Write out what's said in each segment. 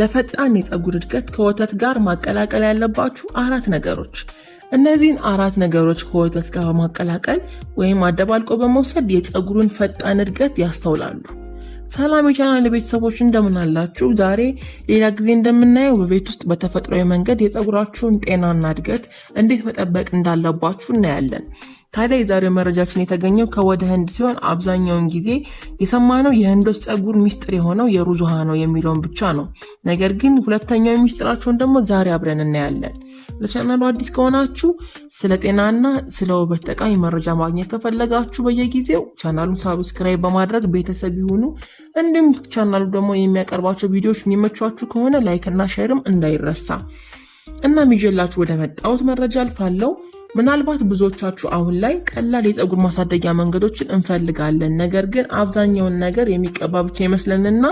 ለፈጣን የፀጉር እድገት ከወተት ጋር ማቀላቀል ያለባችሁ አራት ነገሮች። እነዚህን አራት ነገሮች ከወተት ጋር በማቀላቀል ወይም አደባልቆ በመውሰድ የፀጉሩን ፈጣን እድገት ያስተውላሉ። ሰላም የቻናል ቤተሰቦች እንደምን አላችሁ? ዛሬ ሌላ ጊዜ እንደምናየው በቤት ውስጥ በተፈጥሯዊ መንገድ የፀጉራችሁን ጤናና እድገት እንዴት መጠበቅ እንዳለባችሁ እናያለን። ታዲያ የዛሬው መረጃችን የተገኘው ከወደ ህንድ ሲሆን አብዛኛውን ጊዜ የሰማነው የህንዶች ጸጉር ሚስጥር የሆነው የሩዝ ውሃ ነው የሚለውን ብቻ ነው። ነገር ግን ሁለተኛው ሚስጥራቸውን ደግሞ ዛሬ አብረን እናያለን። ለቻናሉ አዲስ ከሆናችሁ ስለ ጤናና ስለ ውበት ጠቃሚ መረጃ ማግኘት ከፈለጋችሁ በየጊዜው ቻናሉን ሳብስክራይብ በማድረግ ቤተሰብ ይሁኑ። እንዲሁም ቻናሉ ደግሞ የሚያቀርባቸው ቪዲዮዎች የሚመቿችሁ ከሆነ ላይክና ሼርም እንዳይረሳ እና ይዤላችሁ ወደ መጣሁት መረጃ አልፋለሁ። ምናልባት ብዙዎቻችሁ አሁን ላይ ቀላል የፀጉር ማሳደጊያ መንገዶችን እንፈልጋለን፣ ነገር ግን አብዛኛውን ነገር የሚቀባ ብቻ ይመስለንና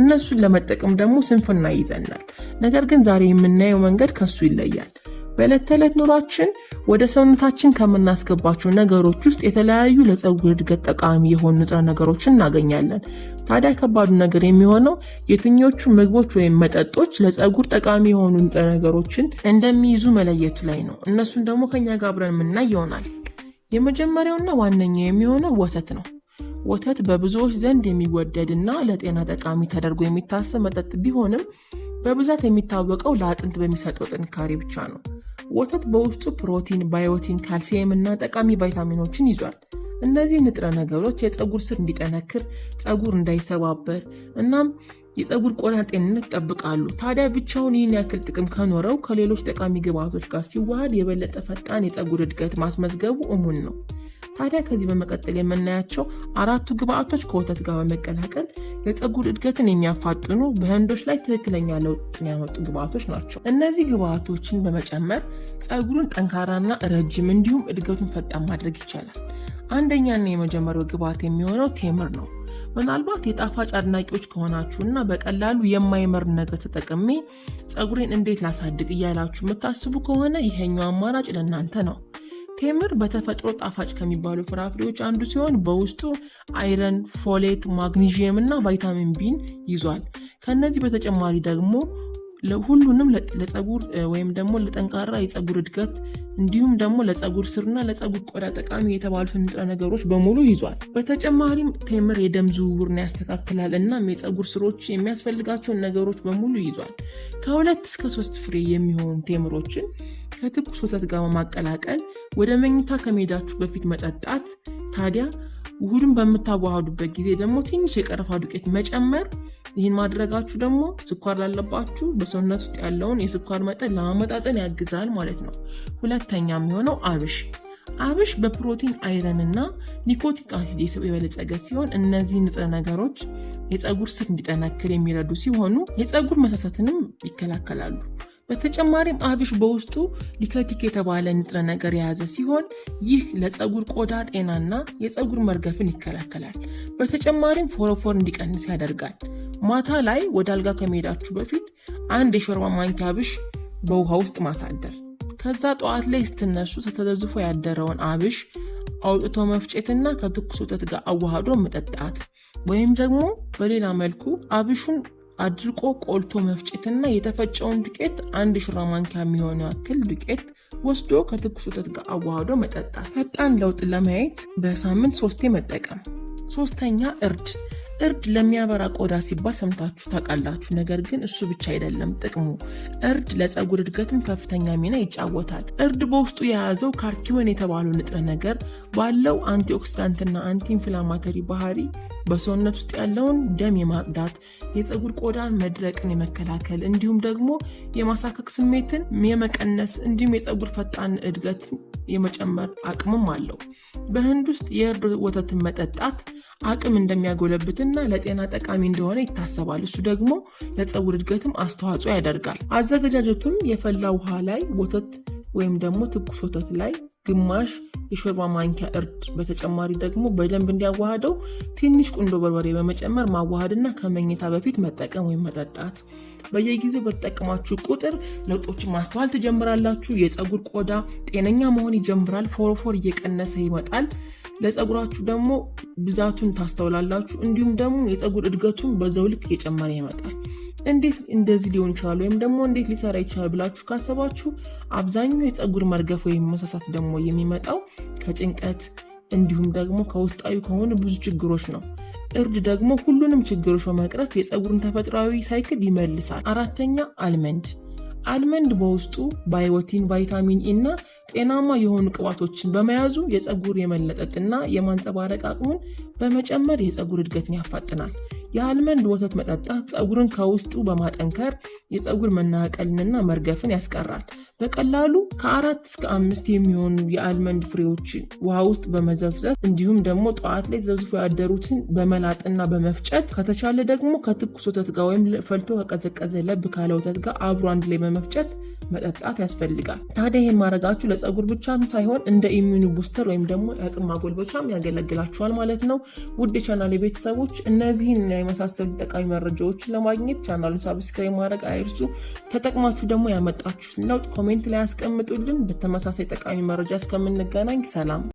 እነሱን ለመጠቀም ደግሞ ስንፍና ይዘናል። ነገር ግን ዛሬ የምናየው መንገድ ከሱ ይለያል። በዕለት ተዕለት ኑሯችን ወደ ሰውነታችን ከምናስገባቸው ነገሮች ውስጥ የተለያዩ ለፀጉር እድገት ጠቃሚ የሆኑ ንጥረ ነገሮችን እናገኛለን። ታዲያ ከባዱ ነገር የሚሆነው የትኞቹ ምግቦች ወይም መጠጦች ለፀጉር ጠቃሚ የሆኑ ንጥረ ነገሮችን እንደሚይዙ መለየቱ ላይ ነው። እነሱን ደግሞ ከኛ ጋር አብረን የምናይ ይሆናል። የመጀመሪያውና ዋነኛው የሚሆነው ወተት ነው። ወተት በብዙዎች ዘንድ የሚወደድ እና ለጤና ጠቃሚ ተደርጎ የሚታሰብ መጠጥ ቢሆንም በብዛት የሚታወቀው ለአጥንት በሚሰጠው ጥንካሬ ብቻ ነው። ወተት በውስጡ ፕሮቲን፣ ባዮቲን፣ ካልሲየም እና ጠቃሚ ቫይታሚኖችን ይዟል። እነዚህ ንጥረ ነገሮች የፀጉር ስር እንዲጠነክር፣ ፀጉር እንዳይሰባበር እናም የፀጉር ቆዳ ጤንነት ይጠብቃሉ። ታዲያ ብቻውን ይህን ያክል ጥቅም ከኖረው ከሌሎች ጠቃሚ ግብዓቶች ጋር ሲዋሃድ የበለጠ ፈጣን የፀጉር እድገት ማስመዝገቡ እሙን ነው። ታዲያ ከዚህ በመቀጠል የምናያቸው አራቱ ግብአቶች ከወተት ጋር በመቀላቀል የፀጉር እድገትን የሚያፋጥኑ በህንዶች ላይ ትክክለኛ ለውጥ ያመጡ ግብአቶች ናቸው። እነዚህ ግብአቶችን በመጨመር ፀጉሩን ጠንካራና ረጅም እንዲሁም እድገቱን ፈጣን ማድረግ ይቻላል። አንደኛና የመጀመሪያው ግብአት የሚሆነው ቴምር ነው። ምናልባት የጣፋጭ አድናቂዎች ከሆናችሁ እና በቀላሉ የማይመር ነገር ተጠቅሜ ፀጉሬን እንዴት ላሳድግ እያላችሁ የምታስቡ ከሆነ ይሄኛው አማራጭ ለእናንተ ነው። ቴምር በተፈጥሮ ጣፋጭ ከሚባሉ ፍራፍሬዎች አንዱ ሲሆን በውስጡ አይረን፣ ፎሌት፣ ማግኒዥየም እና ቫይታሚን ቢን ይዟል። ከእነዚህ በተጨማሪ ደግሞ ሁሉንም ለፀጉር ወይም ደግሞ ለጠንካራ የፀጉር እድገት እንዲሁም ደግሞ ለፀጉር ስርና ለፀጉር ቆዳ ጠቃሚ የተባሉትን ንጥረ ነገሮች በሙሉ ይዟል። በተጨማሪም ቴምር የደም ዝውውርን ያስተካክላል እናም የፀጉር ስሮች የሚያስፈልጋቸውን ነገሮች በሙሉ ይዟል። ከሁለት እስከ ሶስት ፍሬ የሚሆኑ ቴምሮችን ከትኩስ ወተት ጋር በማቀላቀል ወደ መኝታ ከመሄዳችሁ በፊት መጠጣት። ታዲያ ውህዱን በምታዋሃዱበት ጊዜ ደግሞ ትንሽ የቀረፋ ዱቄት መጨመር። ይህን ማድረጋችሁ ደግሞ ስኳር ላለባችሁ በሰውነት ውስጥ ያለውን የስኳር መጠን ለማመጣጠን ያግዛል ማለት ነው። ሁለተኛ የሚሆነው አብሽ አብሽ በፕሮቲን አይረን እና ኒኮቲክ አሲድ የበለጸገ ሲሆን እነዚህ ንጥረ ነገሮች የፀጉር ስር እንዲጠነክር የሚረዱ ሲሆኑ የፀጉር መሳሳትንም ይከላከላሉ። በተጨማሪም አብሽ በውስጡ ሊከቲክ የተባለ ንጥረ ነገር የያዘ ሲሆን ይህ ለፀጉር ቆዳ ጤናና የፀጉር መርገፍን ይከላከላል። በተጨማሪም ፎረፎር እንዲቀንስ ያደርጋል። ማታ ላይ ወደ አልጋ ከመሄዳችሁ በፊት አንድ የሾርባ ማንኪያ አብሽ በውሃ ውስጥ ማሳደር፣ ከዛ ጠዋት ላይ ስትነሱ ተዘብዝፎ ያደረውን አብሽ አውጥቶ መፍጨትና ከትኩስ ወተት ጋር አዋህዶ መጠጣት ወይም ደግሞ በሌላ መልኩ አብሹን አድርቆ ቆልቶ መፍጨትና የተፈጨውን ዱቄት አንድ ሹራ ማንኪያ የሚሆነው ያክል ዱቄት ወስዶ ከትኩስ ወተት ጋር አዋህዶ መጠጣት። ፈጣን ለውጥ ለማየት በሳምንት ሶስቴ መጠቀም። ሶስተኛ እርድ እርድ ለሚያበራ ቆዳ ሲባል ሰምታችሁ ታውቃላችሁ። ነገር ግን እሱ ብቻ አይደለም ጥቅሙ። እርድ ለፀጉር እድገትም ከፍተኛ ሚና ይጫወታል። እርድ በውስጡ የያዘው ካርኪመን የተባለው ንጥረ ነገር ባለው አንቲኦክሲዳንትና አንቲ ባህሪ በሰውነት ውስጥ ያለውን ደም የማጽዳት የፀጉር ቆዳን መድረቅን የመከላከል እንዲሁም ደግሞ የማሳከክ ስሜትን የመቀነስ እንዲሁም የፀጉር ፈጣን እድገትን የመጨመር አቅምም አለው። በህንድ ውስጥ የእርድ ወተትን መጠጣት አቅም እንደሚያጎለብትና ለጤና ጠቃሚ እንደሆነ ይታሰባል። እሱ ደግሞ ለፀጉር እድገትም አስተዋጽኦ ያደርጋል። አዘገጃጀቱም የፈላ ውሃ ላይ ወተት ወይም ደግሞ ትኩስ ወተት ላይ ግማሽ የሾርባ ማንኪያ እርድ፣ በተጨማሪ ደግሞ በደንብ እንዲያዋሃደው ትንሽ ቁንዶ በርበሬ በመጨመር ማዋሃድና ከመኝታ በፊት መጠቀም ወይም መጠጣት። በየጊዜው በተጠቀማችሁ ቁጥር ለውጦችን ማስተዋል ትጀምራላችሁ። የፀጉር ቆዳ ጤነኛ መሆን ይጀምራል። ፎሮፎር እየቀነሰ ይመጣል። ለፀጉራችሁ ደግሞ ብዛቱን ታስተውላላችሁ። እንዲሁም ደግሞ የፀጉር እድገቱን በዛው ልክ እየጨመረ ይመጣል። እንዴት እንደዚህ ሊሆን ይችላል ወይም ደግሞ እንዴት ሊሰራ ይችላል ብላችሁ ካሰባችሁ አብዛኛው የፀጉር መርገፍ ወይም መሳሳት ደግሞ የሚመጣው ከጭንቀት እንዲሁም ደግሞ ከውስጣዊ ከሆኑ ብዙ ችግሮች ነው። እርድ ደግሞ ሁሉንም ችግሮች በመቅረፍ የፀጉርን ተፈጥሯዊ ሳይክል ይመልሳል። አራተኛ አልመንድ። አልመንድ በውስጡ ባዮቲን፣ ቫይታሚን ኢ እና ጤናማ የሆኑ ቅባቶችን በመያዙ የፀጉር የመለጠጥና የማንጸባረቅ አቅሙን በመጨመር የፀጉር እድገትን ያፋጥናል። የአልመንድ ወተት መጠጣት ፀጉርን ከውስጡ በማጠንከር የፀጉር መናቀልንና መርገፍን ያስቀራል። በቀላሉ ከአራት እስከ አምስት የሚሆኑ የአልመንድ ፍሬዎችን ውሃ ውስጥ በመዘፍዘፍ እንዲሁም ደግሞ ጠዋት ላይ ዘብዝፎ ያደሩትን በመላጥና በመፍጨት ከተቻለ ደግሞ ከትኩስ ወተት ጋር ወይም ፈልቶ ከቀዘቀዘ ለብ ካለ ወተት ጋር አብሮ አንድ ላይ በመፍጨት መጠጣት ያስፈልጋል። ታዲያ ይህን ማድረጋችሁ ለፀጉር ብቻም ሳይሆን እንደ ኢሚኒ ቡስተር ወይም ደግሞ የአቅም ማጎልበቻም ያገለግላችኋል ማለት ነው። ውድ የቻናል ቤተሰቦች እነዚህን የመሳሰሉ ጠቃሚ መረጃዎችን ለማግኘት ቻናሉን ሳብስክራይብ ማድረግ አይርሱ። ተጠቅማችሁ ደግሞ ያመጣችሁትን ለውጥ ኮሜንት ላይ ያስቀምጡልን። በተመሳሳይ ጠቃሚ መረጃ እስከምንገናኝ ሰላም።